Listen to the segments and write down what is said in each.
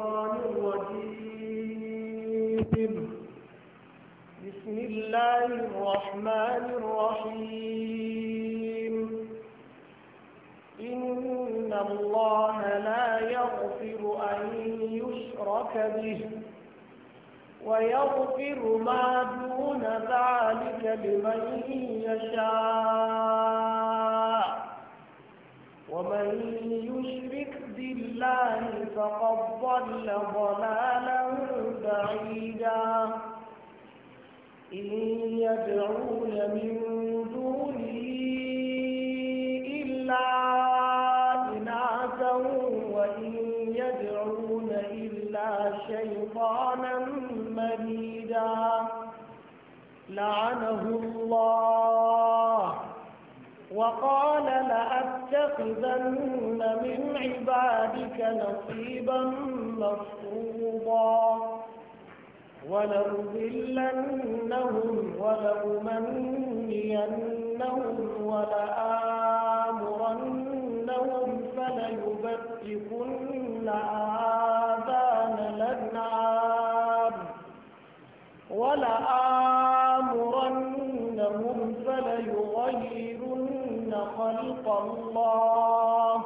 الشيطان الرجيم بسم الله الرحمن الرحيم إن الله لا يغفر أن يشرك به ويغفر ما دون ذلك لمن يشاء ومن يشرك ضد الله فقد ضل ضلالا بعيدا إن يدعون من دونه إلا إناثا وإن يدعون إلا شيطانا مريدا لعنه الله وقال لأتخذن من عبادك نصيبا مفروضا ولأذلنهم ولأمنينهم ولآمرنهم فليبتكن آذان الأنعام ولآمرنهم الله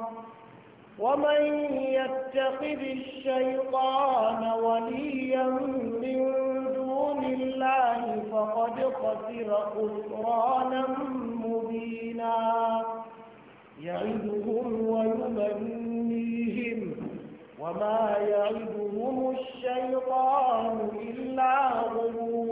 ومن يتخذ الشيطان وليا من دون الله فقد خسر خسرانا مبينا يعدهم ويمنيهم وما يعدهم الشيطان إلا غرورا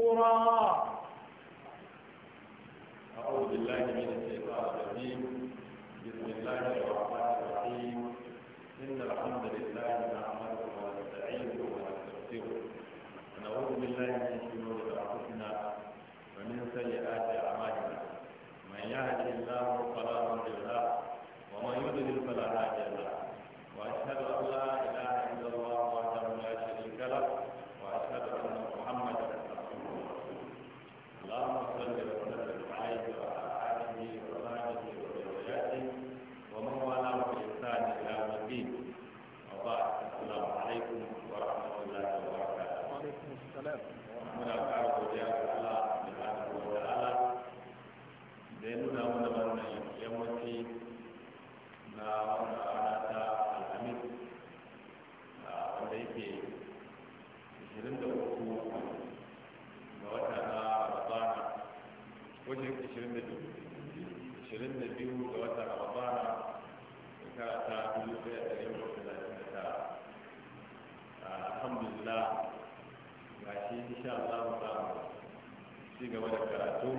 ci gaba da karatu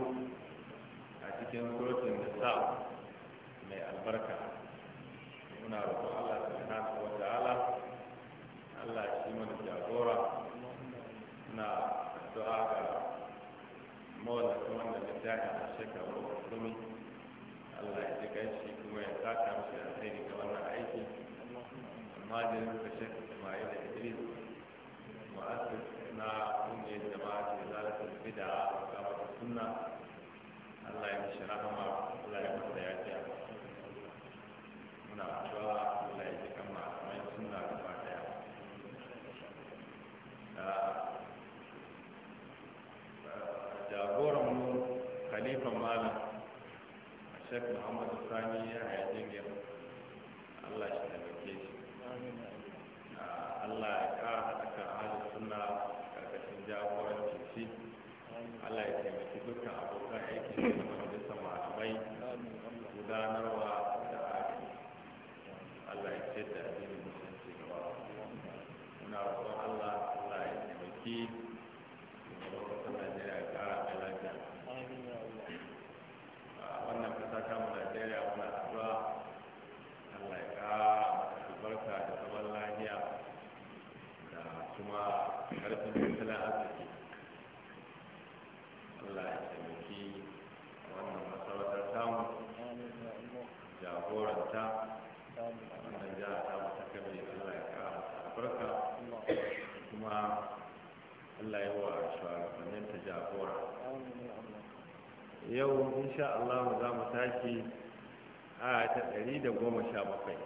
a cikin surutun nisa mai albarka muna roƙon Allah subhanahu wa ta'ala Allah shi mana jagora na addu'a ga mawala kuma da littafi a shekaru musulmi Allah ya ji shi, kuma ya saka mashi alheri ga wannan aiki amma da yanzu da shekaru Ismail da Idris mu'assis na kungiyar jama'a ce zalatul bid'a wa kamata sunna Allah ya mishi rahama Allah ya masa yafiya muna cewa Allah ya ji kama mai sunna gaba daya jagoran mu khalifan malam Sheikh Muhammad Sani ya haye jingir Allah shi da shi Allah ya kara Allah ya taimake yau insha Allah za mu tashi a ta bakwai.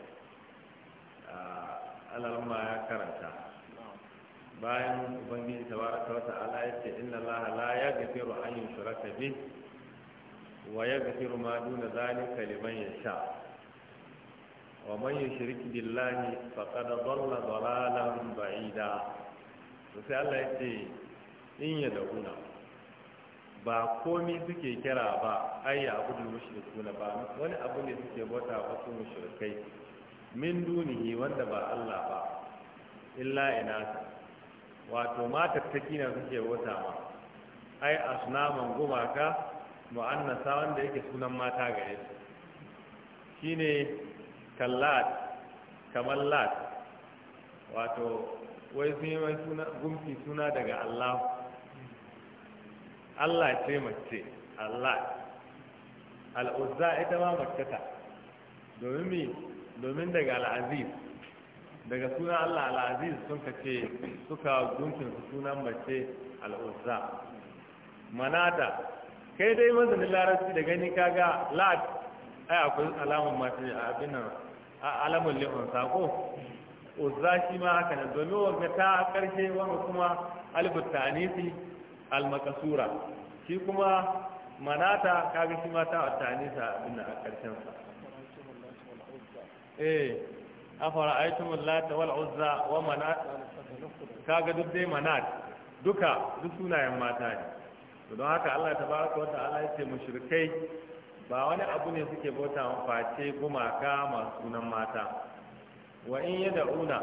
alalma ya karanta bayan ubangiji tabaraka wa ta'ala ya ce inna Allah la yaghfiru an yushraka bih wa yaghfiru ma duna zalika liman sha. wa man yushrik billahi faqad dhalla dhalalan ba'ida to sai Allah ya ce in dauna. ba komi suke kira ba ayya abu da mushrikuna ba wani abu ne suke bauta wasu mushrikai min dunihi wanda ba Allah ba illa inasa wato ma tattaki na suke bauta ma ai asnaman gumaka mu'annasa wanda yake sunan mata gare su shine kallat kamar lat wato wai sun yi suna gumfi suna daga Allah Allah ce mace Allah al'uzza ita ma mace ta domin daga al'aziz daga sunan Allah al'aziz sun ka ce suka gunkin sunan mace al'uzza manata kai dai mazanin larabci da gani kaga lat ai akwai alamun mace abin nan alamun lihun sako uzza shi ma haka na, domin wanda ta karshe wani kuma albutanisi almakasura shi kuma manata kaga shi ma ta wattani sa abin a karshen sa eh afara aitum lat wal uzza wa manat kaga duk dai manat duka duk sunayen mata ne to don haka Allah tabaraka wa ta'ala ya ce mushrikai ba wani abu ne suke bauta face gumaka masu sunan mata wa in yada da'una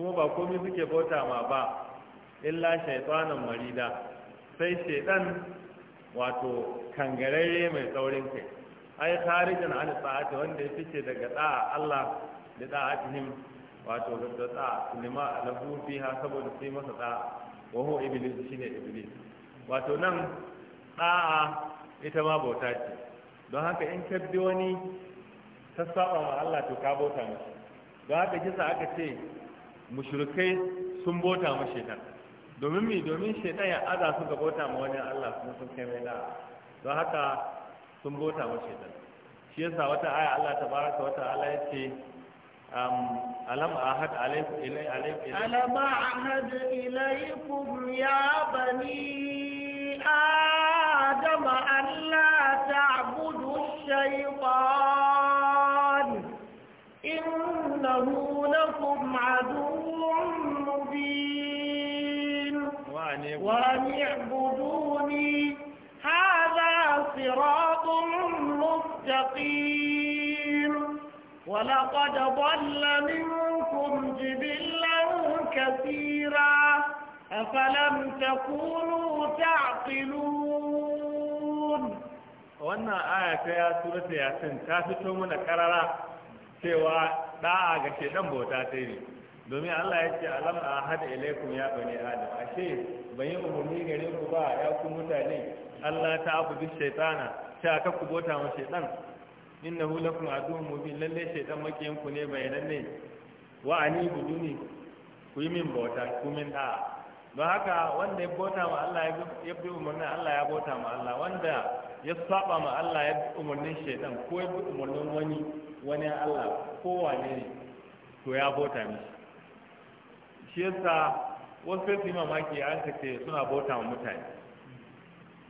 kuma ba komi suke bauta ma ba illa shaytanan marida sai shaidan wato kangararre mai saurin kai ai kharijan an sa'ati wanda ya fice daga da'a Allah da da'atihim wato da da'a lima lahu fiha saboda sai masa da'a wa huwa iblis shine iblis wato nan da'a ita ma bauta ce don haka in ka bi wani ta saba ma Allah to ka bauta mishi don haka kisa aka ce mushrikai sun bauta mishi shaitan domin mi domin shaitan ya aza su ga bauta ma wani Allah kuma sun kai mai la'a, don haka sun bauta ma shaitan shi yasa wata aya Allah tabaraka wata ta'ala yace ألم أعهد عليكم إلي عليكم إلي ألم أعهد إليكم يا بني آدم أن لا تعبدوا الشيطان إنه لكم عدو وأن اعبدوني هذا صراط مستقيم ولقد ضل منكم جبلا كثيرا أفلم تكونوا تعقلون wannan aya ta ya surata yasin ta fito mana karara cewa da'a ga shedan bauta ta ne domin Allah ya ce alam ahad ilaikum ya bani adam ashe ban yi umarni gare ku ba ya ku mutane Allah ta abu bi shaytana ta ka ku bota ma shaytan innahu lakum aduwwun mubin lalle shaytan makiyin ku ne bayanan ne wa ani buduni ku yi min bauta ku min da don haka wanda ya bota ma Allah ya bi umarnin Allah ya bota ma Allah wanda ya saba ma Allah ya bi umarnin shaytan ko ya bi umarnin wani wani Allah ko wane ne to ya bota mishi shi yasa wasu sai yi mamaki an ka ce suna bauta wa mutane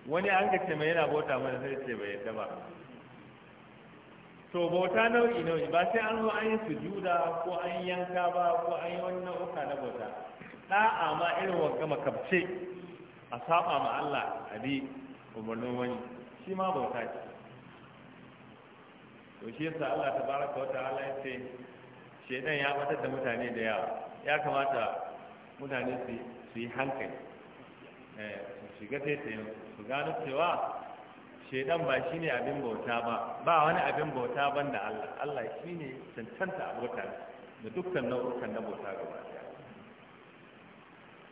wani an ka ce mai yana bauta mana sai ce bai yadda ba to bauta nau'i nau'i ba sai an zo an yi sujuda ko an yanka ba ko an yi wani nau'uka na bauta da'a ma irin wanka kafce a saba ma Allah a bi umarnin wani shi ma bauta ce to shi yasa Allah ta baraka wata ya ce shedan ya batar da mutane da yawa ya kamata mutane su yi hankali eh, su shiga taitayin su gano cewa shaidan ba shi ne abin bauta ba ba wani abin bauta ban da Allah Allah shi ne cancanta abota da dukkan nau'ukan na bauta gaba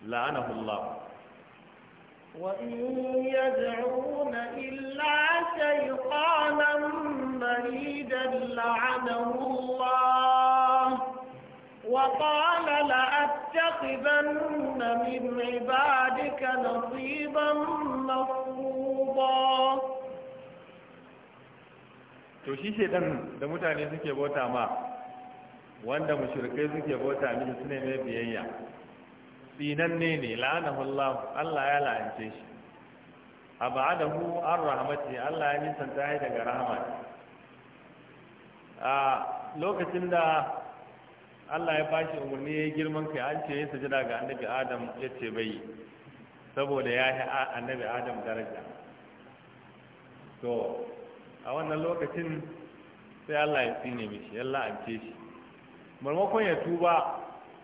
la'anahu Allah wa in yad'una illa shaytanan maridan la'anahu Allah wa qala la لنتخذن من عبادك نصيبا مفروضا to shi da mutane suke bauta ma wanda mushrikai suke bauta mishi sune mai biyayya Sinanne ne la'ana Allah Allah ya la'ance shi mu an rahmati Allah ya nisanta shi daga rahmat a lokacin da Allah ya bashi umarni ya yi girman kai an ce ya sujada ga annabi Adam ya ce bai saboda ya yi annabi Adam daraja to a wannan lokacin sai Allah ya tsine mishi ya la'ance shi marmakon ya tuba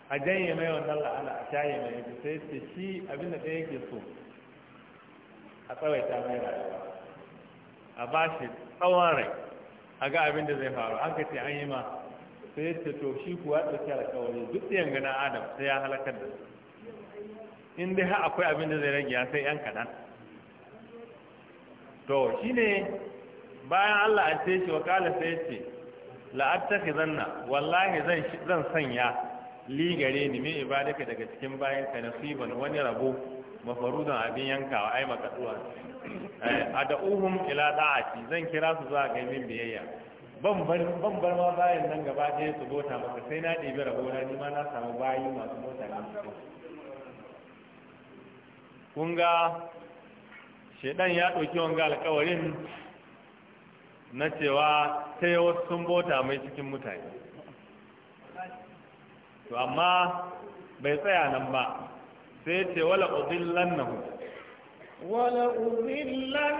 a janye mai wannan la'ana a shaye mai yake sai ce shi abin da ɗaya yake so a tsawaita mai rayuwa a bashi tsawon rai a ga abin da zai faru an ka ce an yi ma sai ce to shi kuwa ɗauki alƙawari duk da yanga adam sai ya halakar da in dai ha akwai abin da zai rage ya sai yan kaɗan to shi ne bayan allah an ce shi wa kala sai ya ce la'attaki zanna wallahi zan sanya li gare ni mai ibadaka daga cikin bayan ka nasiban wani rabo mafarudan abin yankawa ai makaduwa eh, a uhum ila da'ati zan kira su zuwa ga min biyayya ban bar ma bayan nan gaba ɗaya su bota maka sai na ɗebi rahona ni ma na samu bayi masu mota na su kun ga shaidan ya ɗauki wanga alkawarin na cewa sai wasu sun bota mai cikin mutane to amma bai tsaya nan ba sai ce wala udillan nahu wala udillan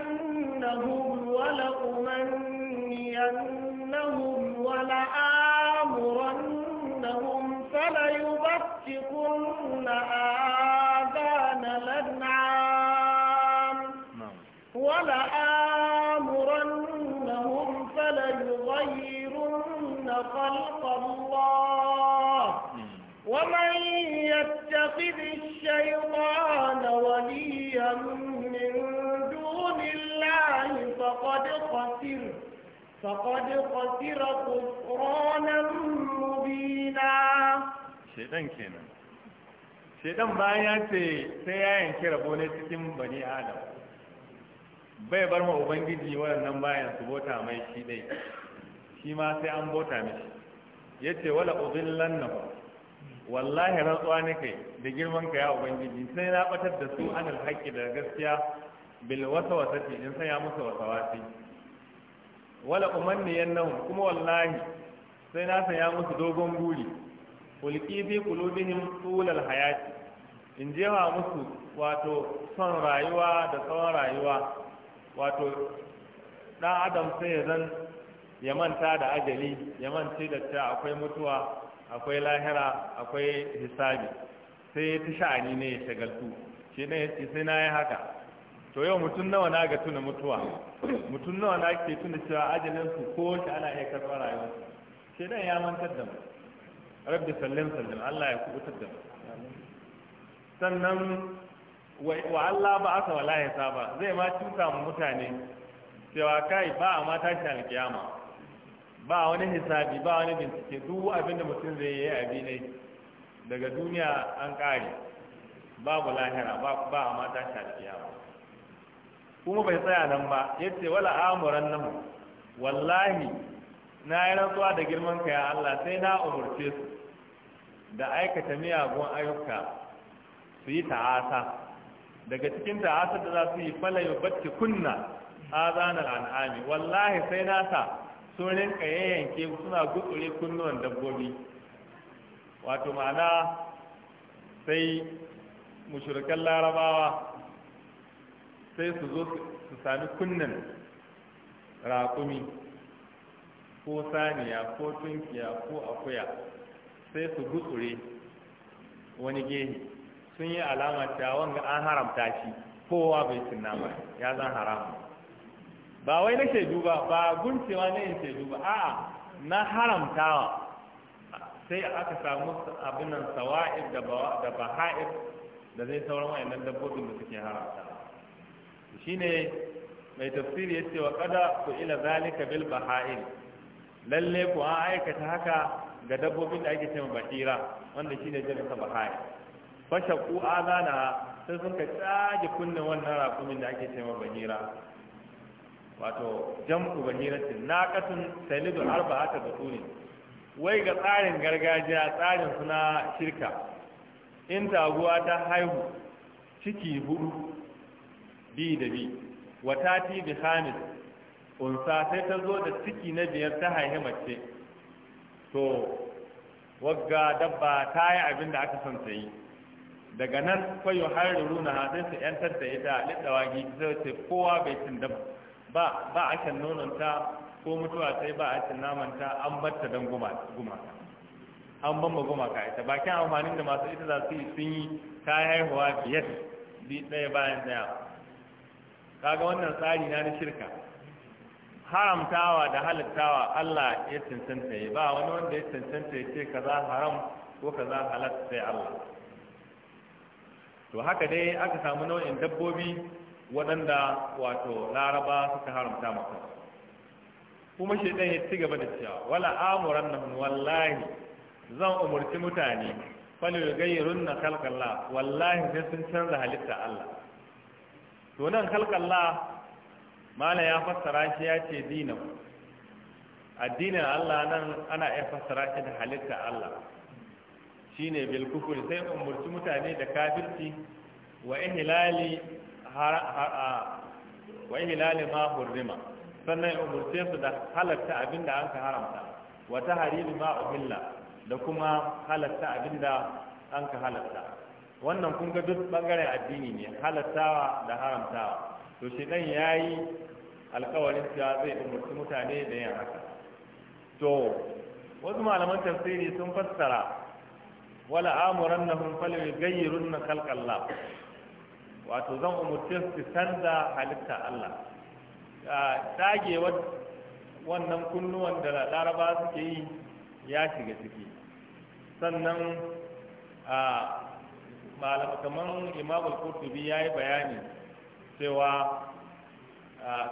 nahu wala umanniyannahum لآمرنهم ولآمرنهم فليبتكن آذان الأنعام نعم. ولآمرنهم فقد خسر خسرانا مبينا شيطان كينا شيطان بايا ya ce sai ya yanki rabo بني آدم bani adam bai bar ma ubangiji waɗannan bayan su bota mai shi dai shi ma sai an bota mishi ya ce wala uzillan na wallahi rantsuwa kai da girman ka ya ubangiji sai na batar da su an haƙƙi da gaskiya bil wasa wasa in sai ya musu wasa wasi wala umanniyannahum kuma wallahi sai na saya musu dogon buri ulqi fi qulubihim al hayat in jewa musu wato son rayuwa da tsawon rayuwa wato ɗan adam sai ya zan ya manta da ajali ya manta da ta akwai mutuwa akwai lahira akwai hisabi sai ta sha'ani ne ya shagaltu shi ne sai na yi haka to yau mutum nawa na ga tuna mutuwa mutum nawa na ke tuna cewa ajalin su ko shi ana iya karɓar rayuwa sai dan ya mantar da mu rabbi sallim sallim Allah ya kubutar da mu sannan wa Allah ba aka wala ya saba zai ma cuta mu mutane cewa kai ba a mata shi alkiyama ba wani hisabi ba wani bincike duk abin da mutum zai yi abi ne daga duniya an kare babu lahira ba a mata shi alkiyama kuma bai tsaya nan ba ya ce wala amuran nan wallahi na yi rantsuwa da girman ka ya Allah sai na umurce su da aikata miyagun ayyuka su yi ta'asa daga cikin ta'asa da za su yi fala yi bacci kunna zanar al'ami wallahi sai na sa sun rinka yayyanke suna gutsure kunnuwan dabbobi wato ma'ana sai mushrikan larabawa sai su zo su sami kunnen raƙumi ko saniya ko tunkiya ko akuya sai su gutsure wani gehe sun yi alama cewa wanga an haramta shi kowa bai cin nama ya zan haramu ba wai na shaidu ba ba guncewa na yin shaidu ba a'a na haramtawa sai aka samu abinan sawa'ib da baha'ib da zai sauran wayannan dabbobin da suke haramta shine mai tafsiri ce wa kada ku ila zalika bil bahain lalle ku an aikata haka ga dabbobin da ake cewa bahira wanda shine jami'in Fasha ku azana sai sun ka tsage kunnen wannan rakumin da ake cewa bahira wato jam'u bahiratin naqatun salidu arba'ata dukuni wai ga tsarin gargajiya tsarin suna shirka in taguwa ta haihu ciki hudu bi da bi wa tati bi khamis unsa sai ta zo da ciki na biyar ta haihi mace to wagga dabba ta yi abin da aka son ta yi daga nan kwayo har runa ha sai su yantar da ita littawagi sai ce kowa bai cin dabba ba ba a kan nononta ko mutuwa sai ba a cin namanta an ta don gumaka an bamba gumaka ita bakin amfanin da masu ita za su yi sun yi ta haihuwa biyar bi ɗaya bayan ɗaya kaga wannan tsari na na shirka haramtawa da halittawa Allah ya cancanta ya ba wani wanda ya cancanta ya ce kaza haram ko kaza halal sai Allah to haka dai aka samu nau'in dabbobi waɗanda wato laraba suka haramta maka kuma shi ya ci gaba da cewa wala amuran nan wallahi zan umarci mutane fa gayyarun na kalkalla wallahi sai sun canza halitta Allah to nan halkalla mala ya fassara shi ya ce dinan addinin Allah nan ana iya fassara shi da halitta Allah shine bil kufri sai umurci mutane da kafirci wa ihlali wa ihlali ma hurrima sannan umurce su da halatta abinda an ka haramta wa tahrimi ma uhilla da kuma halatta abinda an ka halatta wannan kun ga duk bangaren addini ne halattawa da haramtawa to shi dan yayi alkawarin cewa zai umarci mutane da yin haka to wasu malaman tafsiri sun fassara wala amurannahum falyughayyirunna khalqallah wato zan umurce su canza halitta Allah dage wannan kunnuwan da laraba suke yi ya shiga ciki sannan a malam kamar imam al-qurtubi yayi bayani cewa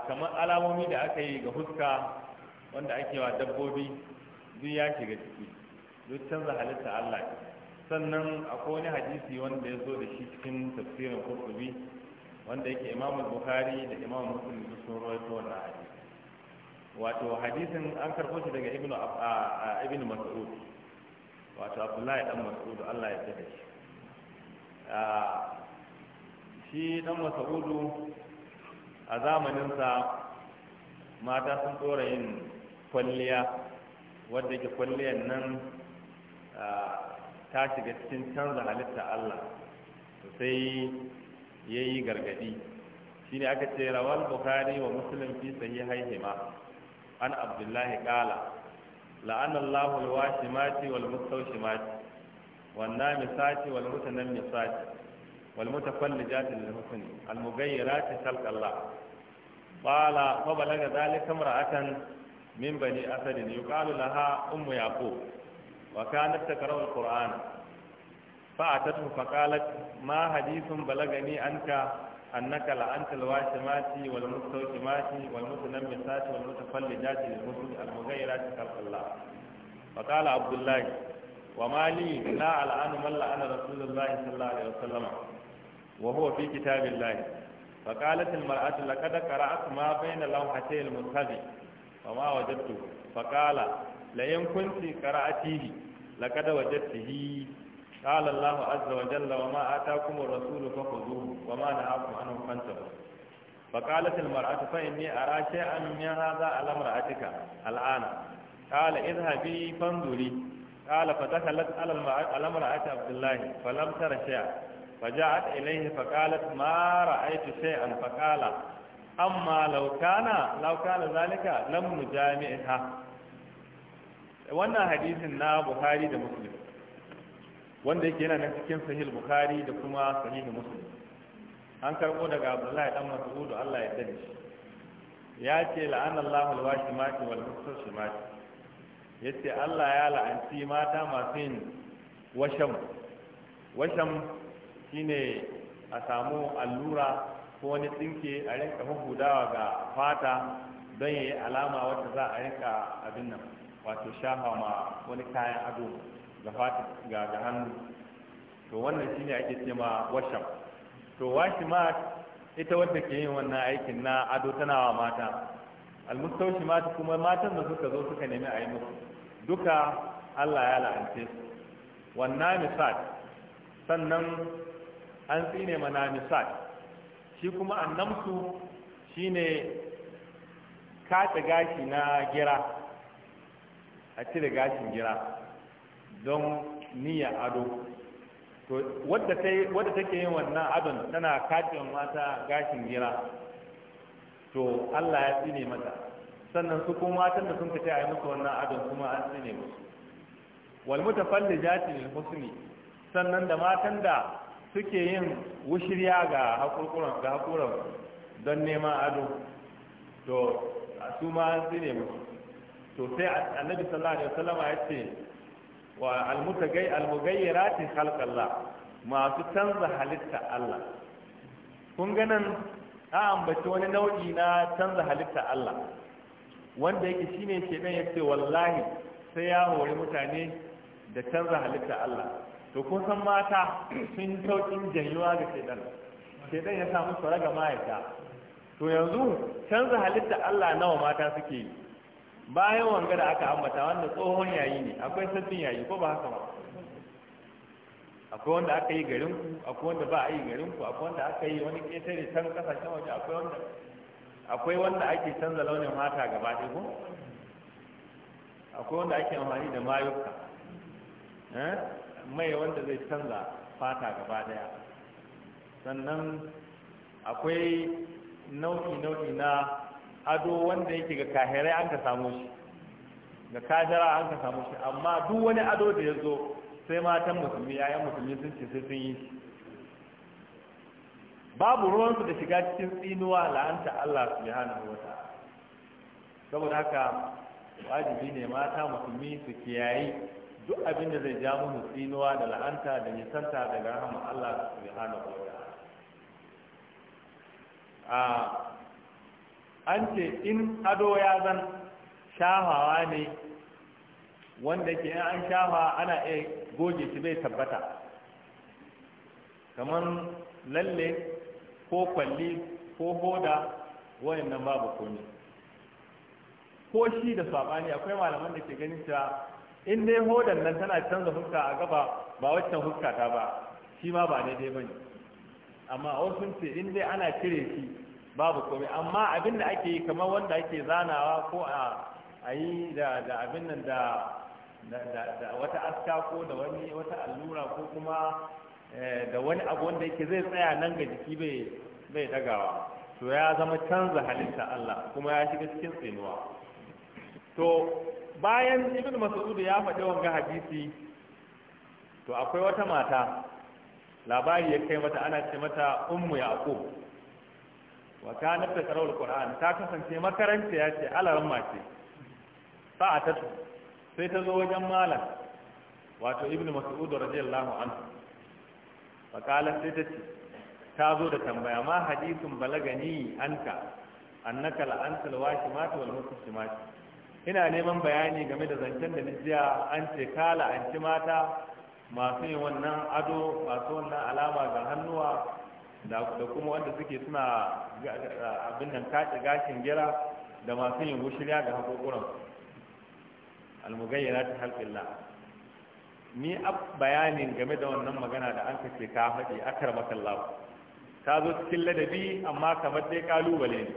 kamar alamomi da aka yi ga huska wanda ake wa dabbobi duk ya shiga ciki duk canza halitta Allah sannan akwai wani hadisi wanda ya zo da shi cikin tafsirin qurtubi wanda yake imam bukhari da imam muslim su sun rawaito wannan hadisi wato hadisin an karɓo shi daga ibnu ibnu mas'ud wato abdullahi dan mas'ud Allah ya tsare shi shi dan masa'udu a zamaninsa mata sun tsora yin kwalliya wadda ke kwalliyan nan ta shiga cikin canza halitta Allah sai ya yi gargadi shi ne aka ce rawar bukari wa musulun fi sahi ma an abdullahi kala la'anallahu wa alwashimati wal والنامسات والمتنمسات والمتفلجات للحسن المغيرات خلق الله قال فبلغ ذلك امرأة من بني أسد يقال لها أم يعقوب وكانت تقرأ القرآن فأتته فقالت ما حديث بلغني عنك أنك لأنت الواشمات والمستوشمات والمتنمسات والمتفلجات للمسلم المغيرات خلق الله فقال عبد الله wa mali la al'anu man la'ana rasulullahi sallallahu alaihi wasallam wa huwa fi kitabillahi fa qalat al mar'atu laqad qara'at ma bayna lawhatay al muntazir wa ma wajadtu fa qala la in kunti قال الله عز وجل وما آتاكم الرسول فخذوه وما نهاكم عنه فانتهوا فقالت المرأة فإني أرى شيئا من هذا على امرأتك الآن قال اذهبي فانظري قال فدخلت على امرأة عبد الله فلم تر شيئا فجاءت إليه فقالت ما رأيت شيئا فقال أما لو كان لو كان ذلك لم نجامعها wannan hadisin na Bukhari da Muslim wanda yake yana nan cikin sahih Bukhari da kuma sahih Muslim an karbo daga Abdullahi dan Mas'ud Allah ya dade shi ya ce la'ana Allahu al-washimati wal mustashimati yace Allah ya la'anci mata masu yin washam washam shine a samu allura ko wani tsinke a rinka hudawa ga fata don yi alama wacce za a rinka abin nan wato shafa ma wani kayan ado ga fata ga ga hannu to wannan shine ake ce ma washam to washi ma ita wadda ke yin wannan aikin na ado tana wa mata almustaushi mata kuma matan da suka zo suka nemi a yi musu duka Allah ya la'ance su wannan misal sannan an tsine mana misal shi kuma annamsu shine kace gashi na gira a cire gashin gira don niyya ado to wadda take yin wannan adon tana kace mata gashin gira to Allah ya tsine mata sannan su kuma matan da sun fita a yi musu wannan adon kuma an tsine musu wal mutafallijati lil husni sannan da matan da suke yin wushirya ga hakurkuran ga hakuran don neman ado to su ma an tsine musu to sai annabi sallallahu alaihi wasallam ya ce wa al almugayyirati khalqallah masu canza halitta Allah kun ganin ta ambaci wani nau'i na canza halitta Allah wanda yake shine ya yace wallahi sai ya hori mutane da canza halitta Allah to kun san mata sun yi saukin janyuwa ga shedan shedan ya samu su raga ma'aikata to yanzu canza halitta Allah nawa mata suke yi bayan wanga da aka ambata wanda tsohon yayi ne akwai sabbin yayi ko ba haka ba akwai wanda aka yi garin ku akwai wanda ba a yi garin ku akwai wanda aka yi wani ƙetare can ƙasashen waje akwai wanda akwai wanda ake canza launin mata gaba ɗaya ko akwai wanda ake amfani da mayuka eh, mai wanda zai canza fata gaba ɗaya sannan akwai nau'i-nau'i na ado wanda yake ga kahirai an ka samu shi ga kajara an ka samu shi amma duk wani ado da ya zo sai matan musulmi yayan musulmi sun ce sai sun yi babu ruwansu da shiga cikin tsinuwa la'anta Allah subhanahu wa wata saboda haka wajibi ne mata musulmi su kiyayi duk abin da zai ja mu tsinuwa da la'anta da nisanta daga rahama Allah su wa ta'ala wata an ce in ado ya zan shahawa ne wanda ke an shafa ana iya goge shi bai tabbata kamar lalle ko kwalli ko hoda wayannan babu komi ko shi da sabani akwai malaman da ke ganin cewa in dai hodan nan tana canza huska a gaba ba waccan huska ta ba shi ma ba daidai ba ne amma wasu ce in dai ana cire shi babu komai amma abin da ake yi kamar wanda ake zanawa ko a yi da abin nan da da wata aska ko da wani wata allura ko kuma eh, da wani abu wanda yake zai tsaya nan ga jiki bai bai dagawa to ya zama canza halitta Allah kuma ya shiga cikin tsinuwa to bayan ibn mas'ud ya faɗi wanga hadisi to akwai wata mata labari ya kai mata ana ce mata ummu yaqub wa kanat taqra'u quran ta kasance makaranta ya ce alaran mace sa'atatu sai ta zo wajen malam wato ibnu mas'ud radiyallahu anhu fa sai ta ce ta zo da tambaya ma hadithun balagani anka annaka la antal washimat wal ina neman bayani game da zancen da nijiya an ce kala an ci mata masu yin wannan ado masu wannan alama ga hannuwa da kuma wanda suke suna abin nan kace gashin gira da masu yin wushirya ga hakokuransu almugayyara ta halƙilla ni a bayanin game da wannan magana da an kace ka faɗi akar makallahu Ta zo cikin ladabi amma kamar dai kalubale ne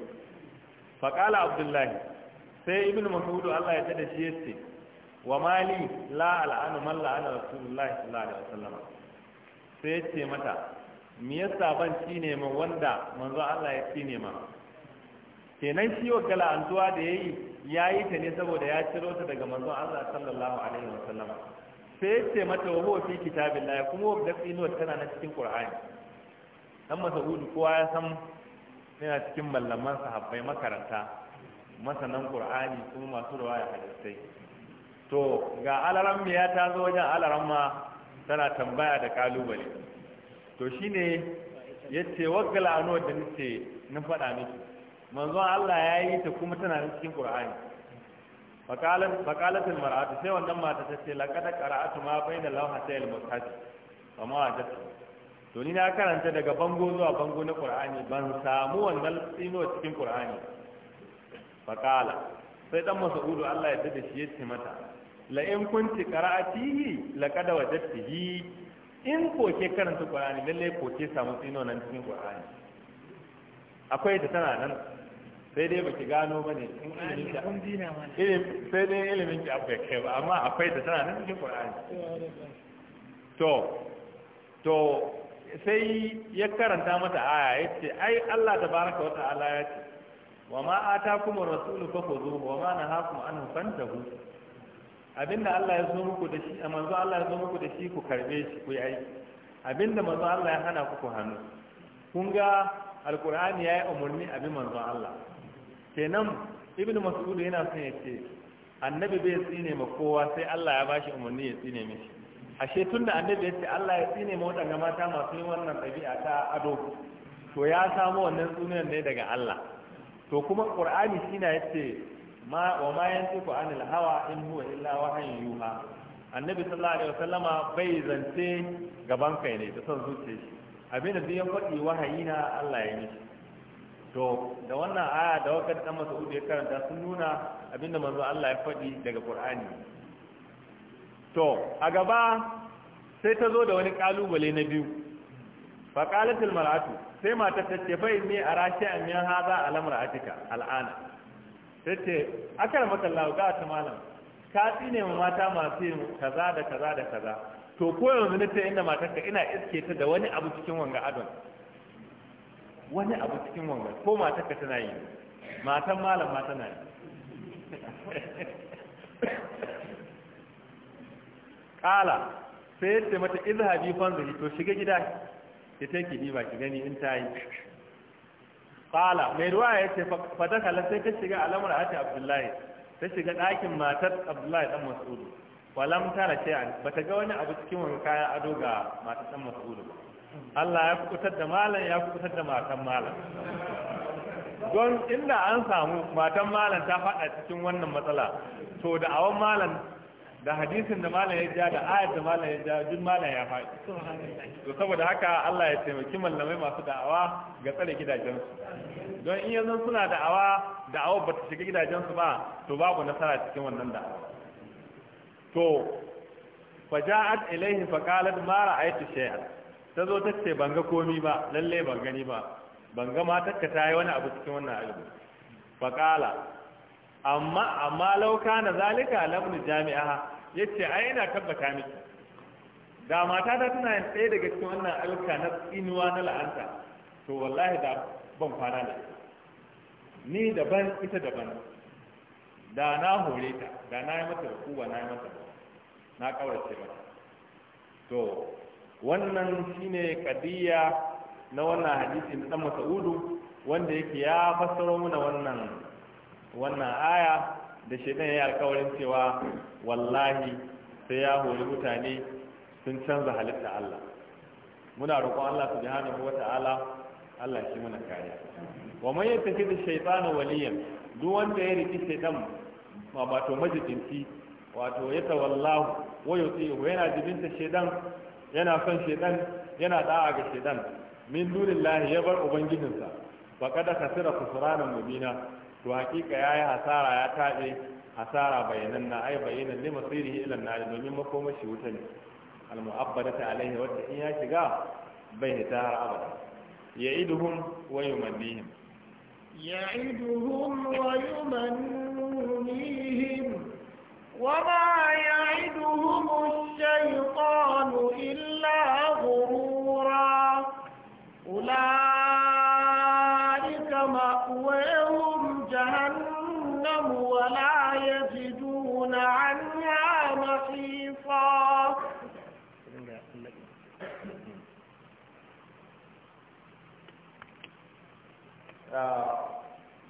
faƙala abdullahi sai ibn mas'udu Allah ya tada shi yace wa mali la al'anu man la'ana rasulullahi sallallahu alaihi wasallam sai yace mata me yasa ban cine ma wanda manzo Allah ya ci ne ma kenan ciwo gala'antuwa da ya yi ya yi ta ne saboda ya ciro ta daga manzon Allah sallallahu alaihi wa sallam sai ce mata wa huwa fi laya kuma wa dafinuwa tana na cikin qur'ani dan hudu kowa ya san yana cikin mallaman sahabbai makaranta masanan qur'ani kuma masu rawaya hadisai to ga alaran ya ta zo wajen alaran ma tana tambaya da kalubale to shine yace waggala ano da nace na faɗa miki manzon Allah ya yi ta kuma tana cikin Qur'ani faqalat mar'atu sai wannan mata ta ce laqad qara'atu ma baina lawhatayil mushaf fa ma wajadtu to ni na karanta daga bango zuwa bango na Qur'ani ban samu wannan tsino cikin Qur'ani faqala sai dan Mas'udu Allah ya dade shi yace mata la in kunti qara'atihi laqad wajadtihi in ko ke karanta Qur'ani lalle ko ke samu tsino nan cikin Qur'ani akwai ta tana nan sai dai baki gano bane ilimin sai dai ilimin ki abu kai ba amma akwai ta tana nan cikin Qur'ani to to sai ya karanta mata aya yace ai Allah tabaraka wa ta'ala ya ce wa ma atakum ar-rasul fakhuzuhu wa ma nahakum fanta fantahu abinda Allah ya zo muku da shi a manzo Allah ya zo muku da shi ku karbe shi ku yi aiki abinda manzo Allah ya hana ku ku hannu kun ga alkur'ani ya yi umarni abin manzo Allah kenan ibnu mas'ud yana son ya ce annabi bai tsine ma kowa sai Allah ya bashi umarni ya tsine mishi ashe tunda annabi ya ce Allah ya tsine ma ga mata masu yin wannan ɗabi'a ta ado to ya samu wannan sunan ne daga Allah to kuma qur'ani shine yace ma wa ma yantiqu anil hawa in huwa illa wahyun yuha annabi sallallahu alaihi wasallama bai zance gaban kai ne da son zuciya shi abin da ya faɗi wahayi na Allah ya mishi to da wannan aya da wakar dan Mas'ud ya karanta sun nuna abinda manzo Allah ya faɗi daga Qur'ani to a gaba sai ta zo da wani kalubale na biyu fa qalatil mar'atu sai mata ta ce bai me arashi an yan hada ala al'ana sai ce akar Allah ga ta malam ka tsine ma mata masu yin kaza da kaza da kaza to ko yanzu ne ta inda matarka ina iske ta da wani abu cikin wanga adon wani abu cikin wanga ko matarka tana yi matan malam ma tana yi kala sai yadda ce mata izhabi fanzuri to shiga gida ki ta ki ba ki gani in ta yi kala mai ruwa ya ce kala sai ka shiga alamar ati abdullahi ta shiga ɗakin matar abdullahi dan mas'udu walam tara ce an bata ga wani abu cikin wani kaya ado ga matar ɗan mas'udu ba Allah ya kubutar da malam ya kubutar da matan malam don inda an samu matan malam ta faɗa cikin wannan matsala to da awon malam da hadisin da malam ya ja da ayat da malam ya ja duk malam ya faɗi to saboda haka Allah ya taimaki mallamai masu da'awa ga tsare gidajensu don in yanzu suna da'awa da'awa ba ta shiga gidajensu ba to babu nasara cikin wannan da to faja'at ilaihi faqalat ma ra'aytu shay'an ta zo ta ce ban ga komi ba lalle ban gani ba ban ga matarka ta yi wani abu cikin wannan aibu faƙala amma amma lauka na zalika lamun jami'a ya ce ai ina tabbata miki da matata tana yin ɗaya daga cikin wannan alka na tsiniwa na la'anta to wallahi da ban kwana da ni daban ita daban da na hore ta da na yi mata da kuwa na yi mata na ce mata to wannan shine kadiya na wannan hadisi na dan Mas'udu wanda yake ya fassaro mana wannan wannan aya da shedan ya alkawarin cewa wallahi sai ya hori mutane sun canza halitta Allah muna roƙon Allah subhanahu wata'ala Allah shi muna kariya wa man da shaytana waliyan duk wanda ya riki shaytan wato majidinci wato ya tawallahu wa yuti yana jibinta shaidan? yana son shedan yana da'a ga shedan min dunin lahi ya bar ubangijinsa ba kada ka kasira kusuranan mubina to hakika ya yi hasara ya taɓe hasara bayanan na ai bayanan ne masirihi ila nar domin makoma shi wuta ne al mu'abbadata alaihi wadda in ya shiga bai hita har abada Ya Ya wayo ya'iduhum wa yumannihim ya'iduhum wa yumannihim وما يعدهم الشيطان إلا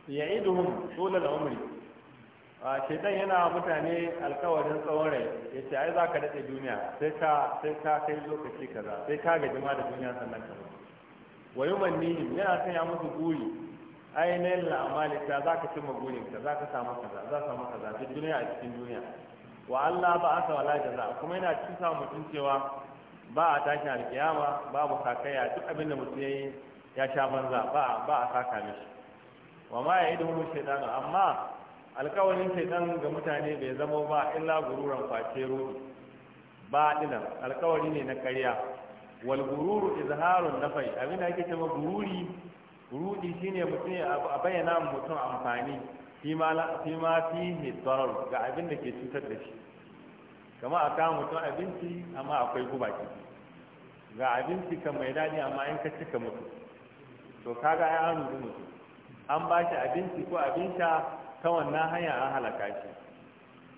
ya'iduhum tulal umri a shaitan yana mutane alkawarin tsawon rai ya ce ai za ka daɗe duniya sai ka sai ka kai lokaci kaza sai ka gaji ma da duniya sannan ka wa yumannihim yana ya musu guri ai ne la amali ta za ka cimma gurin ka za ka samu kaza za ka samu kaza duk duniya a cikin duniya wa Allah ba aka wala jaza kuma yana cikin samun mutum cewa ba a tashin alkiyama babu kakaya duk abin da mutum ya yi ya sha banza ba ba a saka mishi wa ma ya idon shaitan amma alkawarin shaitan ga mutane bai zama ba illa gururan face ruɗi ba dinan alkawari ne na ƙarya wal gururu izharun nafai abin da ake cewa gururi rudi shine mutum a bayyana mutum amfani fi ma fi darar ga abin da ke cutar da shi kama a kama mutum abinci amma akwai guba ciki ga abinci kan mai daɗi amma in ka cika mutu to kaga ya an rubu mutum an ba shi abinci ko abin sha ta wannan hanya an halaka shi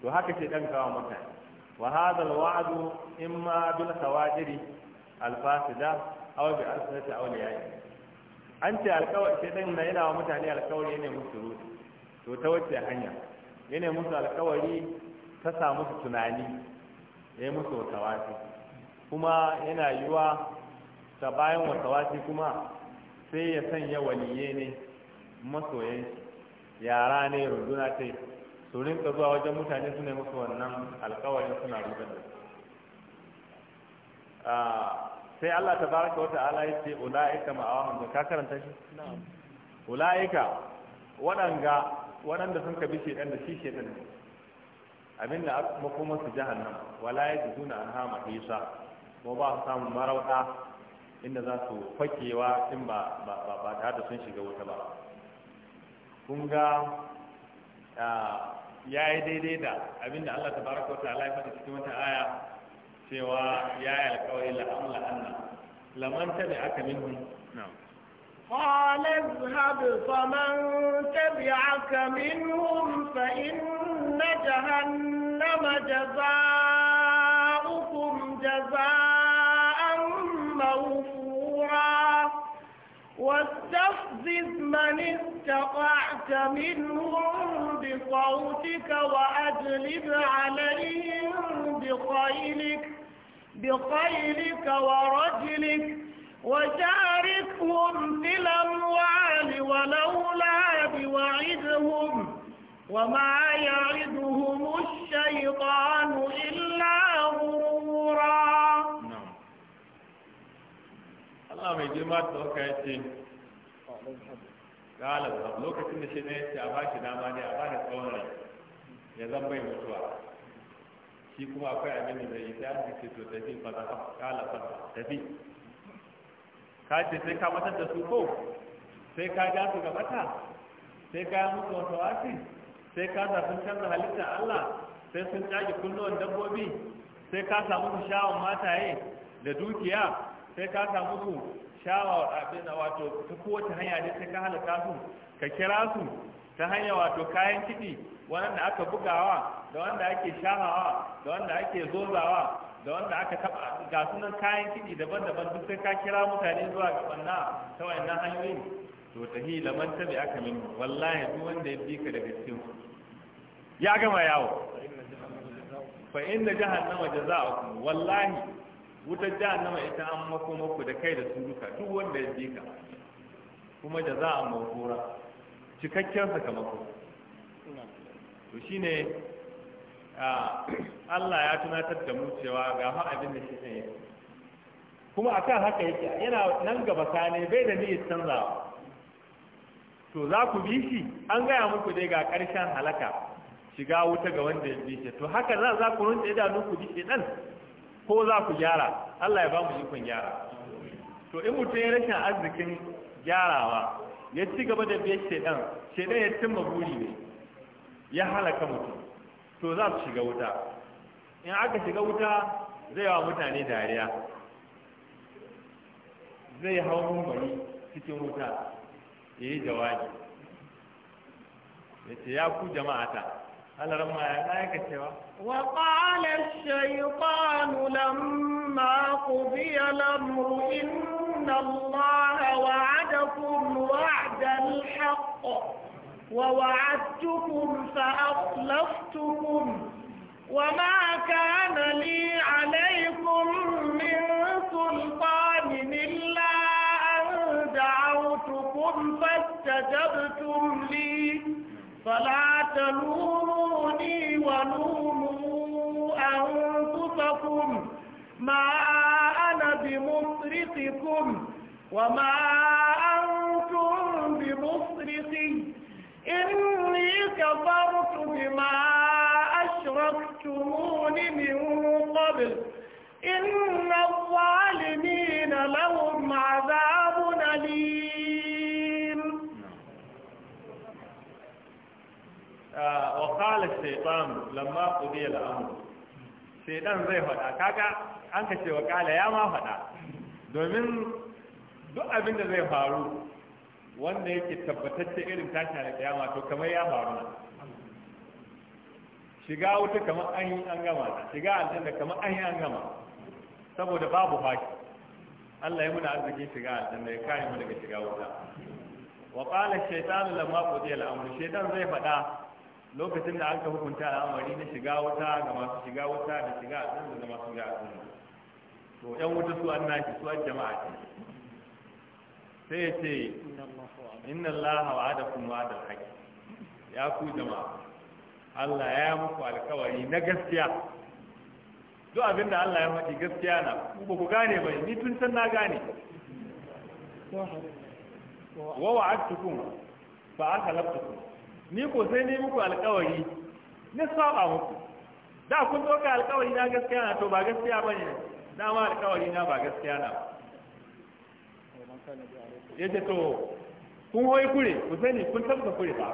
to haka ce dan kawo mutane wa hadha alwa'du imma bil khawajiri alfasida aw bi alsanati awliya an ce alkawari sai dan na yana wa mutane alkawari ne musu ruɗi to ta wacce hanya yana musu alkawari ta sa musu tunani ya yi musu wasawasi kuma yana yiwa ta bayan wasi kuma sai ya sanya waliye ne masoyan yara ne runduna ta su rinka zuwa wajen mutane su ne musu wannan alkawarin suna rubar da ah, sai Allah ta baraka wata ala ya ce ula'ika ma'awa hanzu ka karanta shi ula'ika waɗanga waɗanda sun kabi ɗan da shi shi ne abin da makoma su jahannam wala ya ji zuna an hama isa ko ba su samun marauta inda za su fakewa in ba ba tare da sun shiga wuta ba kun ga ya yi daidai da abinda Allah ta baraka wata ala ya faɗa cikin wata aya cewa ya yi alkawari la'amla la'anna. laman tabi aka minhum قال اذهب فمن تبعك منهم فإن جهنم جزاؤكم جزاؤكم موفورا واستفزز من استطعت منهم بصوتك وأجلب عليهم بخيلك بخيلك ورجلك وشاركهم في الأموال والأولاد وعدهم وما يعدهم الشيطان Allah mai girma da waka ya ce galar lokacin da shi ne ya ce a ba shi dama ne a ba da tsawon rai ya zan bai mutuwa shi kuma akwai abin da zai yi ta yanzu ce to tafi ba za ka kala fa tafi ka ce sai ka matar da su ko sai ka ja su gabata sai ka yi musu wata wasi sai ka sa sun canza halitta Allah sai sun tsage kunnuwan dabbobi sai ka samu shawon mataye da dukiya sai ka samu su shawa abin wato ta kowace hanya ne sai ka halaka su ka kira su ta hanya wato kayan kiɗi wanda aka bugawa da wanda ake shahawa da wanda ake zozawa da wanda aka taba ga sunan kayan kiɗi daban-daban duk sai ka kira mutane zuwa ga banna ta wannan hanyoyi? to hi laman tabi aka min wallahi duk wanda ya bi ka daga cikin ya gama yawo fa inna jahannama jazaa'ukum wallahi wutar jahannama ita an mako mako da kai da su duka duk wanda ya ji ka kuma da za a mafura cikakken sakamako to shi ne Allah ya tunatar da mu cewa ga ma abin da shi ne kuma a kan haka yake yana nan gaba kane bai da niyyar canzawa to za ku bi shi an gaya muku dai ga ƙarshen halaka shiga wuta ga wanda ya bi shi to haka za ku rinta idanu ku bi shi nan ko za ku gyara Allah ya ba mu ikon gyara to in mutum ya rashin arzikin gyarawa ya ci gaba da biyar shaidan, shaidan ya cimma buri ne ya halaka mutum to za su shiga wuta in aka shiga wuta zai wa mutane dariya zai hau mummari cikin wuta ya yi jawabi ya ce ya ku jama'ata آية. وقال الشيطان لما قضي الأمر إن الله وعدكم وعد الحق ووعدتكم فأخلفتكم وما كان لي عليكم من سلطان إلا أن دعوتكم فاستجبتم فلا تلوموني ولوموا أنفسكم ما أنا بمصرخكم وما أنتم بمصرخي إني كفرت بما أشركتمون من قبل إن الظالمين لهم عذاب wa qala shaytan lamma qudiya al-amr shaytan zai faɗa kaga an ka ce wa qala ya ma faɗa domin duk abin da zai faru wanda yake tabbatacce irin tashin da kiyama to kamar ya faru shiga wuta kamar an yi an gama shiga aljanna kamar an yi an gama saboda babu faki Allah ya muna arziki shiga aljanna ya kare mu daga shiga wuta wa qala shaytanu lamma qudiya al-amru shaytan zai fada lokacin da aka hukunta al'amari na shiga wuta ga masu shiga wuta da shiga a da masu shiga aljanna to yan wuta su an nashi su an jama'a ce sai ya ce inna allaha wa'adakum wa'adal haqq ya ku jama'a Allah ya muku alkawari na gaskiya duk abinda Allah ya faɗi gaskiya na ku ba ku gane ba ni tun san na gane wa wa'adtukum fa akhlaftukum ni ko sai ni muku alkawari ni saba muku da kun doka alkawari na gaskiya na to ba gaskiya bane Da ma alkawari na ba gaskiya na ce to kun hoyi kure ku ne, kun tabbata kure ba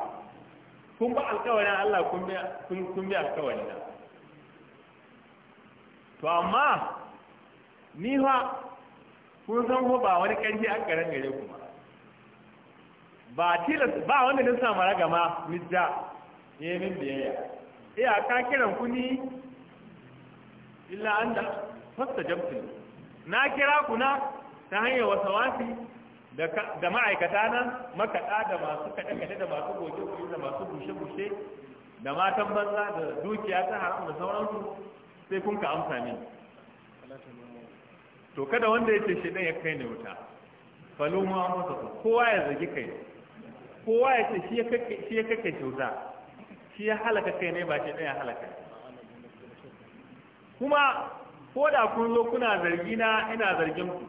kun ba na Allah kun bi kun bi na to amma ni ha kun san ko ba wani karfi an garan gare ku ba ba tilas ba wanda na samu ragama mijja ya min biyayya iyaka eh, kiran ku ni illa anda. fasta jamtin na kira ku na ta hanyar wasa wasi da ma'aikata na makaɗa da masu kaɗe-kaɗe da masu goge-goge da masu bushe-bushe da matan banza da dukiya ta haram da sauransu sai kun ka amsa ne to kada wanda ya ce shi ya kai ne wuta falumu an masa kowa ya zagi kai kowa ya ce shi ya kake kyauta shi ya halaka kai ne ba shi ɗaya halaka kuma ko da kun zo kuna zargi na ina zargin ku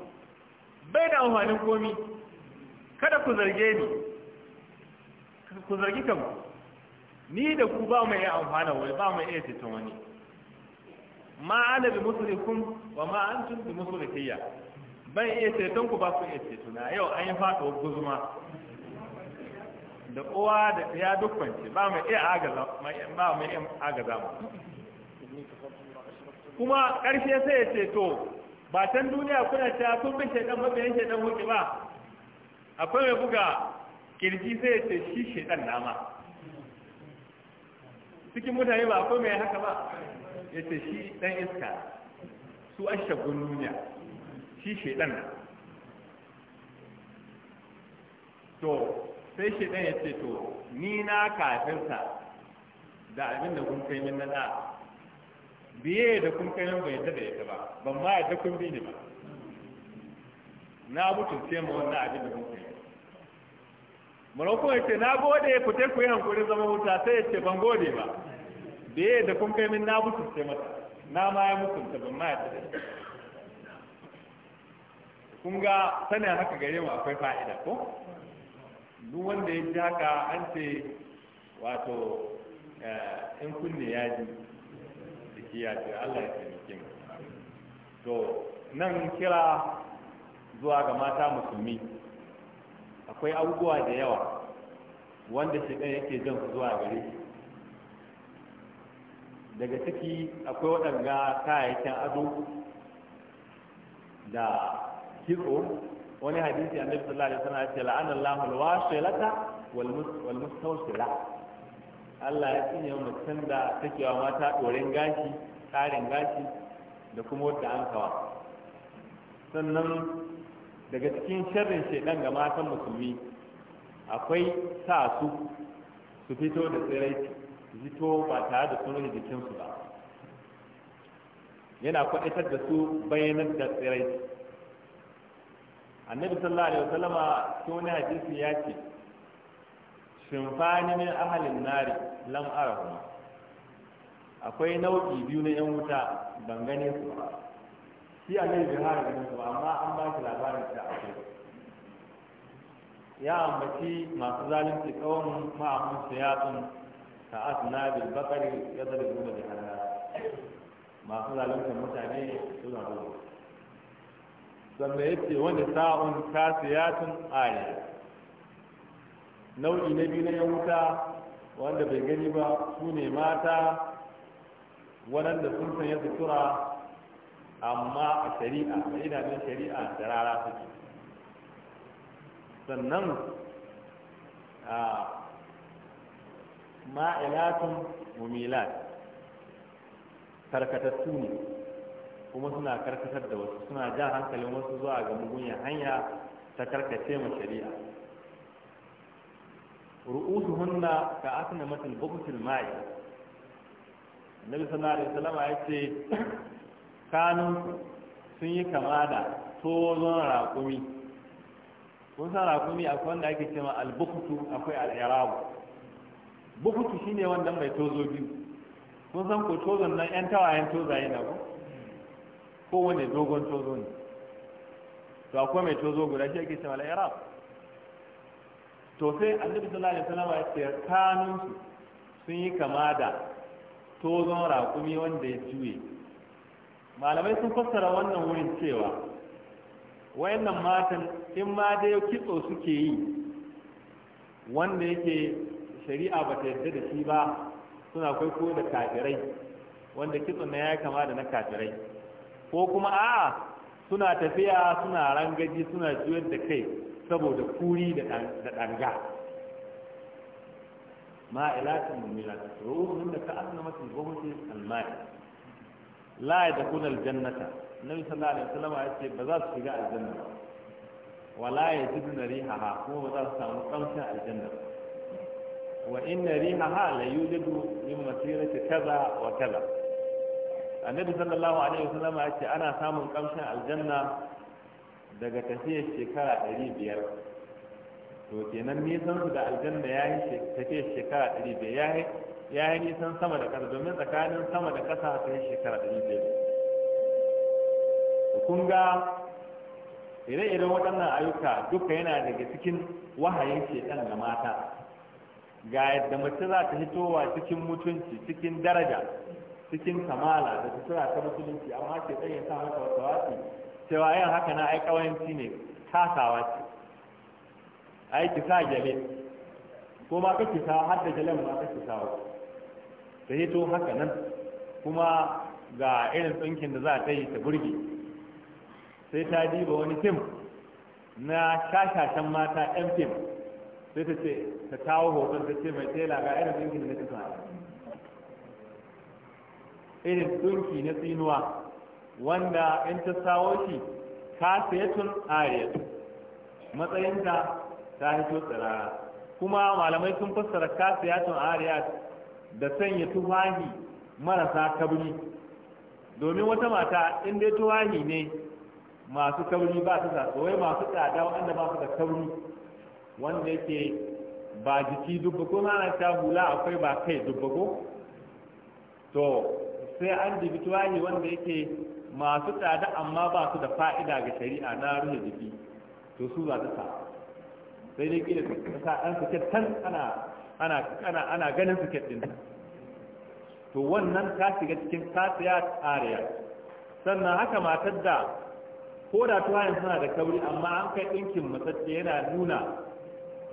bai da amfanin komi kada ku zarge ni ku zargi kanku ni da ku ba mai iya amfana wani ba mai iya ceton wani ma ana bi musulikun wa ma an tun bi musulikiyya ban iya ceton ku ba ku iya cetona yau an yi fata guzuma da uwa da ya dukkwanci ba mai iya agaza ba mai iya agaza mu kuma ƙarshe sai ya ce to ba can duniya kuna ta sun bin shaidan mabiyan shaidan wuce ba akwai mai buga kirji sai ya ce shi shaidan nama cikin mutane ba akwai mai haka ba ya ce shi dan iska su an shagun duniya shi shaidan to sai shi ɗan ya ce to ni na kafirta da abin da kun kai min na biye da kun kai min bai da ita ba ban ma yadda kun bi ni ba na ce ma wannan abin da kun kai Maroko ya ce na gode ku te ku yi hankuri zama wuta sai ya ce ban gode ba biye da kun kai min na ce mata na ma ya ta ban ma yadda da ita kun ga sanin haka gare mu akwai fa'ida ko duk wanda ya ji haka an ce wato eh, in kunne ya ji jiki ya ce Allah ya taimake mu to nan kira zuwa ga mata musulmi akwai abubuwa da yawa wanda ɗaya yake jan zuwa gare daga ciki akwai waɗanga kayayyakin ado da kitso wani hadisi annabi sallallahu alaihi wasallam ya ce la'ana Allahu al-washilata wal mustawsila Allah ya tsine wa mutum da take wa mata doren gashi tarin gashi da kuma wadda an kawa sannan daga cikin sharrin shaidan ga matan musulmi akwai sa su su fito da tsirai fito ba tare da sunan jikinsu ba yana kwaɗatar da su bayyana da tsirai annabi sallallahu alaihi wasallama ko ne hadisi ya ce shimfani min ahalin nari lam arahuma akwai nau'i biyu na yan wuta ban gane su ba shi annabi bai hana ganin su amma an ba shi labarin ta akwai ya ambaci masu zalunci kawon ma'amun siyatun ta asna bil bakari ya zalibu da jihar masu zalunci mutane su zalibu sannan yace wani sa'un kasiyatun aya nau'i na biyu na yan wuta wanda bai gani ba su ne mata waɗanda sun sanya sutura amma a shari'a da idanun shari'a da rara suke sannan a ma'ilatun mumilat karkatattu ne kuma suna karkatar da wasu suna ja hankalin wasu zuwa ga mugunyar hanya ta karkace ma shari'a hunna ka asna matal bukutul mai nabi sallallahu alaihi wasallam ya ce kanun sun yi kama da tozon raƙumi kun san raƙumi akwai wanda ake cewa albukutu akwai al'irabu bukutu shine wanda mai tozo biyu kun san ko tozon nan yan tawayen tozaye na ko kowane dogon tozo ne to akwai mai tozo guda shi ake cewa al'irab to sai annabi sallallahu alaihi wasallam ya kanu sun yi kama da tozon raƙumi wanda ya juye malamai sun fassara wannan wurin cewa wayannan matan in ma dai kitso suke yi wanda yake shari'a ba ta yarda da shi ba suna kwaikwayo da kafirai wanda kitso na ya kama da na kafirai ko kuma a'a suna tafiya suna rangaji suna ciwon da kai saboda kuri da ɗanga ma'ilatin mummilatin ruhun da ka annama mafi gwamnati almai la ya takuna aljannata nabi sallallahu alaihi wasallam ya ce ba za su shiga aljanna ba wala yajiduna rihaha kuma ba za su samu kamshin aljanna ba wa inna rihaha la yujadu min masirati kaza wa kaza annabi sallallahu alaihi wasallam ya ce ana samun kamshin aljanna daga tafiya shekara ɗari biyar to kenan nisan su da aljanna ya yi tafiya shekara ɗari biyar ya yi nisan sama da ƙasa domin tsakanin sama da ƙasa ta yi shekara ɗari biyar kun ga ire-iren waɗannan ayyuka duka yana daga cikin wahayin shekan da mata ga yadda mace za ta hitowa cikin mutunci cikin daraja cikin kamala da sutura ta musulunci amma ke tsaye sa mata wata wasi cewa yin haka na ai ƙawanci ne kasawa ce ai ki sa gyale ko ma kake sa har da ma kake sa wa ta hito haka nan kuma ga irin tsinkin da za ta yi ta burge sai ta diba wani fim na shashashen mata yan fim sai ta ce ta kawo hoton ta ce mai tela ga irin tsinkin da ta sa irin dunki na tsinuwa wanda in ta sawo shi tun ariyar matsayinta ta hito tsirara kuma malamai sun fassara ka tun ariyar da sanya tuwahi marasa kabri domin wata mata in dai tufahi ne masu kabri ba su tsatsuwai masu tsada waɗanda ba su da kabri wanda yake ba jiki dubbago na ta hula akwai ba kai dubbago to sai an dibi wanda yake masu tsada amma ba su da fa'ida ga shari'a na rufe jiki to su za ta sa sai dai kila ta sa ɗan suket tan ana ganin suket ɗin to wannan ta shiga cikin kasiya tsariya sannan haka matar da ko da tuwayen suna da kauri amma an kai ɗinkin matsatsi yana nuna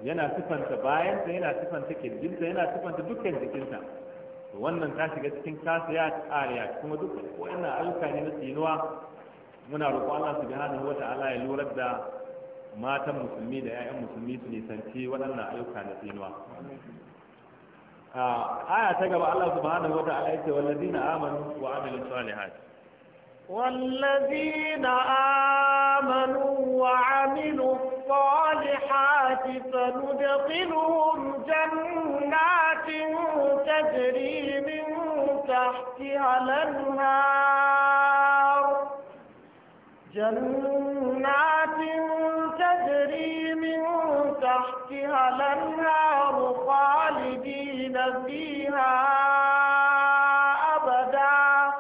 yana sifanta bayansa yana sifanta kirjinta yana sifanta dukkan jikinta to wannan ta shiga cikin kasa ya ariyat kuma duk wayannan ayyuka ne na tsinuwa muna roƙon Allah subhanahu wata'ala ya lura da matan musulmi da 'ya'yan musulmi su nisanci waɗannan ayyuka na tsinuwa ah, aya ta gaba Allah subhanahu wata'ala ya ce wallazina amanu wa amilus salihat والذين آمنوا وعملوا الصالحات سندخلهم جنات على النار جنات تجري من تحتها الأنهار خالدين فيها أبدا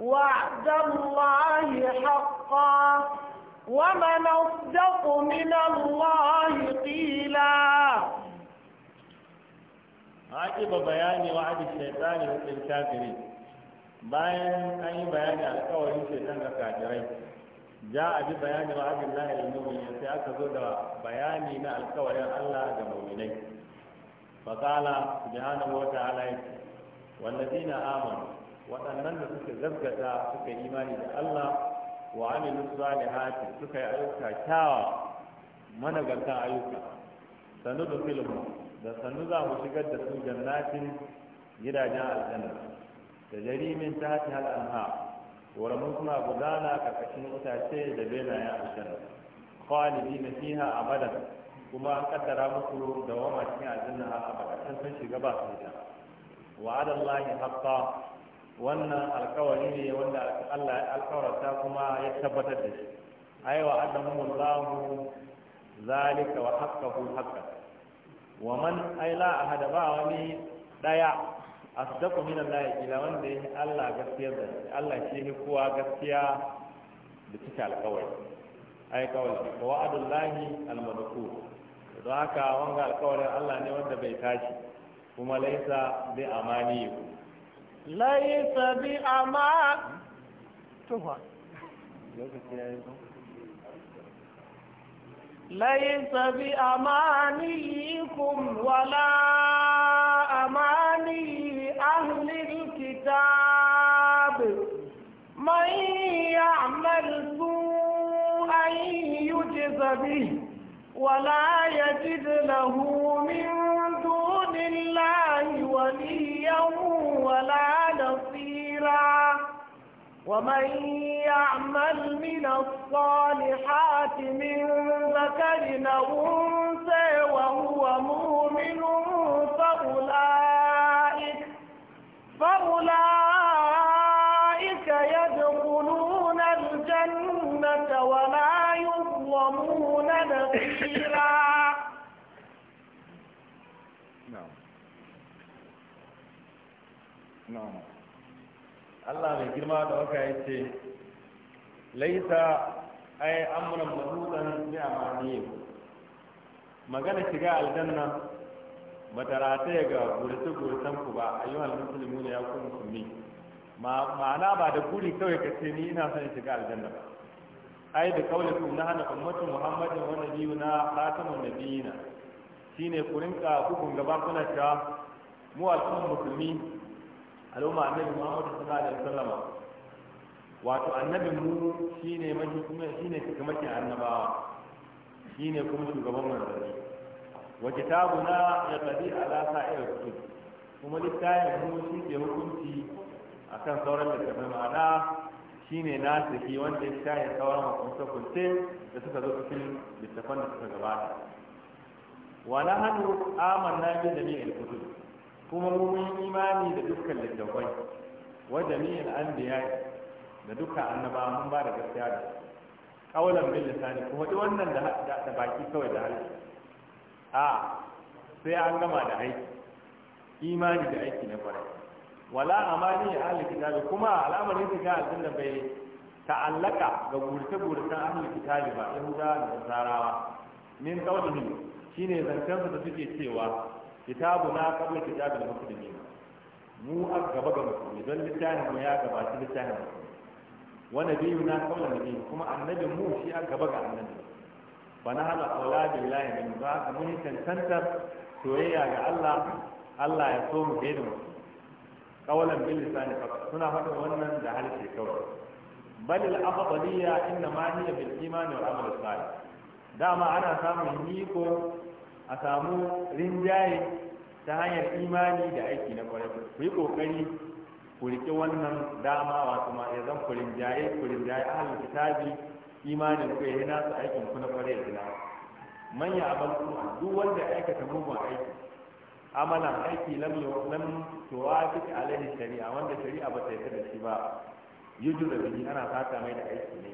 وعد الله حقا ومن أصدق من الله قيلا هذه بيان وعد الشيطان للكافرين bayan an yi bayani alkawarin shaitan ga kafirai ja a bi bayani wa abin lahir mu'minin sai aka zo da bayani na alkawarin Allah ga mu'minai fakala subhanahu wa ta'ala yake wallazina amanu waɗannan da suka gaskata suka yi imani da Allah wa amilu salihati suka yi ayyuka kyawa managartan ayyuka sanu da filmu da sanu za mu shigar da su jannatin gidajen aljanna da jari min ta hati hal anha koramun suna gudana karkashin itace da benayen aljanna bi na fiha abadan kuma an kaddara musu da wama cikin aljanna a abada san shiga ba su da Wa Allah haqqa wannan alkawari ne wanda Allah ya alkawarta kuma ya tabbatar da shi aiwa adamu Allahu zalika wa haqqahu haqqan wa man aila ahada ba wani daya asdaqu min Allah ila wanda yake Allah gaskiya da Allah shi ne kowa gaskiya da cika alƙawari ai kawai wa'adullahi al-madhkur don haka wanga alƙawarin Allah ne wanda bai tashi kuma laisa bi amani laisa bi ama tufa laisa bi kum wala به ولا يجد له من دون الله وليا ولا نصيرا ومن يعمل من الصالحات من ذكر أنثى وهو مؤمن فأولئك فأولئك يظلمون نصيرا نعم نعم Allah mai girma da waka ya ce laisa ai amuran mazudan ne a maniye magana shiga aljanna ba ta rataya ga gurce-gurcen ku ba a yi wa musulmi da ya kuma musulmi ma'ana ba da guri kawai ka ce ni ina son shiga aljanna ba ai da kaulikum na hana ummatu muhammadin wa na khatamun nabiyina shine ku rinka hukun gaba kuna cewa mu al'ummar musulmi al'umma annabi muhammadu sallallahu alaihi wasallam wato Annabi mu shine mashi kuma shine cikamakin annabawa shine kuma shugaban manzanni wa kitabuna yaqdi ala sa'ir kutub kuma littafin mu shi ke hukunci akan sauran littafai ma'ana Shi shine nasihi wanda ya shaye sauran hukunce-hukunce da suka zo cikin littafan da suka gabata wa na hannu amanna bi jami'il kutub kuma mu mun imani da dukkan littafai wa jami'il anbiya da dukkan annaba mun ba da gaskiya da kaulan bil lisani ko hadi wannan da da baki kawai da halin a sai an gama da aiki imani da aiki na kwarai wala amani ya ahli kitabi kuma al'amarin shiga da bai ta'allaka ga gurce-gurcen ahli kitabi ba yahuda da nasarawa min qawlihim shine zancen da suke cewa kitabu na qabla kitabil muslimin mu a gaba ga musulmi don littafin mu ya gabaci littafin musulmi wa nabiyyu na qawla nabiyyu kuma annabi mu shi a gaba ga annabi fa na hada qawla billahi min ba mun tantantar soyayya ga Allah Allah ya so mu da mu kawalan bil lisani fa suna faɗin wannan da harshe kawai bal al afdaliya inna ma hiya bil imani wal amal salih dama ana samun niko a samu rinjaye ta hanyar imani da aiki na kwarai ku yi kokari ku riƙe wannan dama wato ma ya zan ku rinjaye ku rinjaye ahlul kitabi imanin ku yayi nasu aikin ku na kwarai da manya abal duk wanda aikata mugun aiki amalan aiki lam lam fi alaihi shari'a wanda shari'a ba ta yarda da shi ba da bihi ana saka mai da aiki ne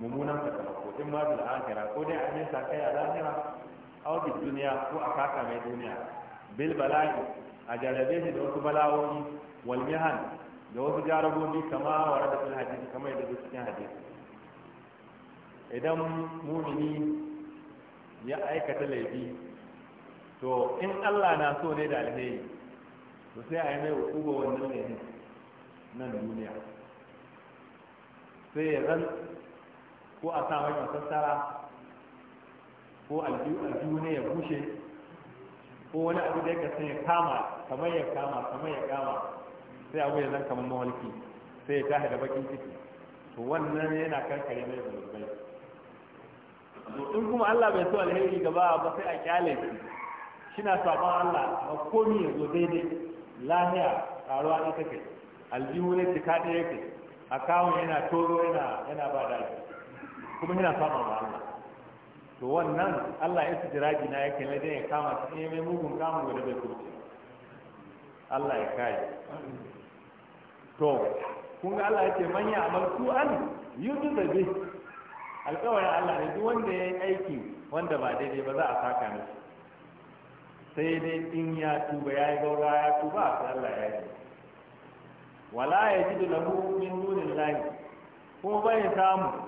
mummunan sakamako in ma bil akhira ko dai an yi saka ya lahira aw bi duniya ko a saka mai duniya bil bala'i a jarabe shi da wasu bala'o'i wal mihan da wasu jarabobi kama wa da fil hadisi kama yadda cikin hadisi idan mumini ya aikata laifi to in Allah na so ne da alheri to sai a yi mai hukuba wannan ne nan duniya sai ya zan ko a sa mai masassara ko aljihu ne ya bushe ko wani abu da ya ya kama kamar ya kama kamar ya kama sai abu ya zan kamar mawalki sai ya tashi da bakin ciki to wannan yana karkare mai zurbai to in kuma Allah bai so alheri gaba ba sai a kyale shi kina saban Allah ba komi ya zo daidai lahiya karuwa ne take aljihu ne ta ɗaya yake akawun yana toro, yana yana ba da kuma yana saban wa Allah to wannan Allah ya sujiraji na yake da ya kama su ne mai mugun kamun wanda bai kurce Allah ya kai to kun ga Allah yake manya amal an yudu da bi alƙawarin Allah ne duk wanda ya yi aiki wanda ba daidai ba za a saka mishi sai dai in ya tuba ya yi gaura ya tuba sai Allah ya yi wala ya ji da lahu min nunin lahi ko bai samu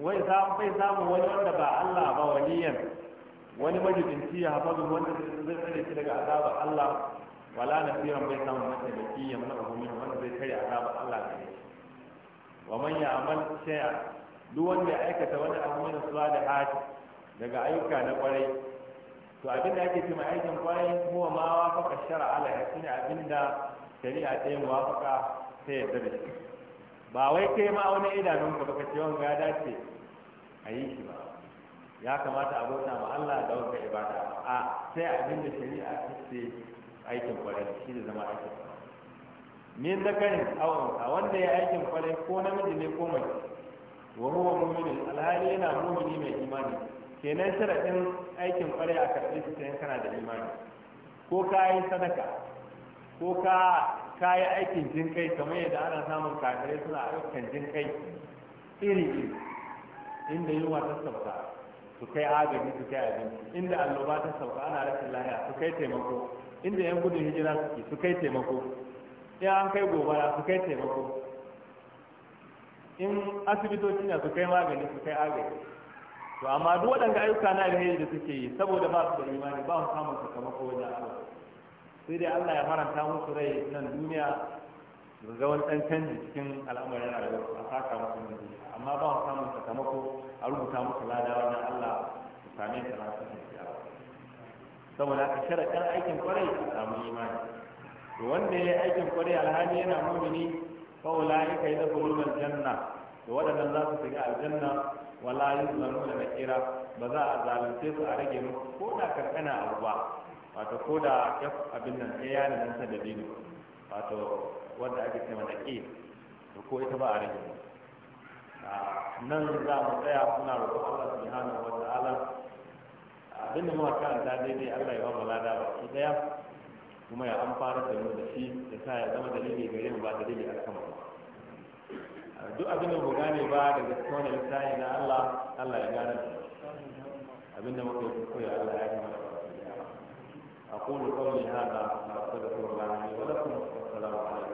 wai samu bai samu wani wanda ba Allah ba waliyan wani majibinci ya zuwa wanda zai tsare shi daga azabar Allah wala na fiye bai samu mataimaki ya mana umarni wanda zai kare azabar Allah da shi wa man ya amal shay'a duk wanda ya aikata wani abu mai da hati daga ayyuka na kwarai to abinda ake cewa aikin kwarai kuma ma wafaka shara ala ya shine abinda shari'a ta yi wafaka ta yadda da shi ba wai kai ma wani idanun ka baka ce wanga ya dace a yi shi ba ya kamata a bauta ma Allah da wanga ibada a sai abinda shari'a ta ce aikin kwarai shi ne zama aikin kwarai da zakarin awon a wanda ya aikin kwarai ko namiji ne ko mace wa huwa mu'minin alhali yana mu'mini mai imani kenan sharaɗin aikin kwarai a karɓi shi kenan kana da imani ko ka yi sadaka ko ka yi aikin jin kai kamar yadda ana samun kafirai suna ayyukan jin kai iri iri inda yunwa ta sauka su kai agaji su kai abinci inda alloba ta sauka ana rashin lahiya su kai taimako inda yan gudun hijira suke su kai taimako in an kai gobara su kai taimako in asibitoci na su kai magani su kai agaji to amma duk waɗanda ayyuka na alheri da suke yi saboda ba su da imani ba su samun sakamako wajen Allah sai dai Allah ya faranta musu rai nan duniya ga wani ɗan canji cikin al'amarin rayuwa a saka musu ne amma ba su samun sakamako a rubuta musu lada wannan Allah su same ta na cikin saboda shara ɗan aikin kwarai a samu imani to wanda ya yi aikin kwarai alhali yana mumini fa kai da janna?" to waɗannan za su shiga aljanna wala yin zanu da nakira ba za a zalunce su a rage mu ko da kankana abu ba wato ko da abin nan ya yana nan sa da wato wanda ake cewa naqi to ko ita ba a rage musu nan za mu tsaya muna roƙo Allah subhanahu wa ta'ala mu muka da daidai Allah ya ba mu lada baki daya kuma ya amfara da mu da shi da sa ya zama dalili gare mu ba dalili alkama ba duk abin da mu gane ba da gaskiya wani lissafi na Allah Allah ya gane abin da muka yi koyi Allah ya gane أقول قولي هذا وأستغفر الله لي ولكم والسلام عليكم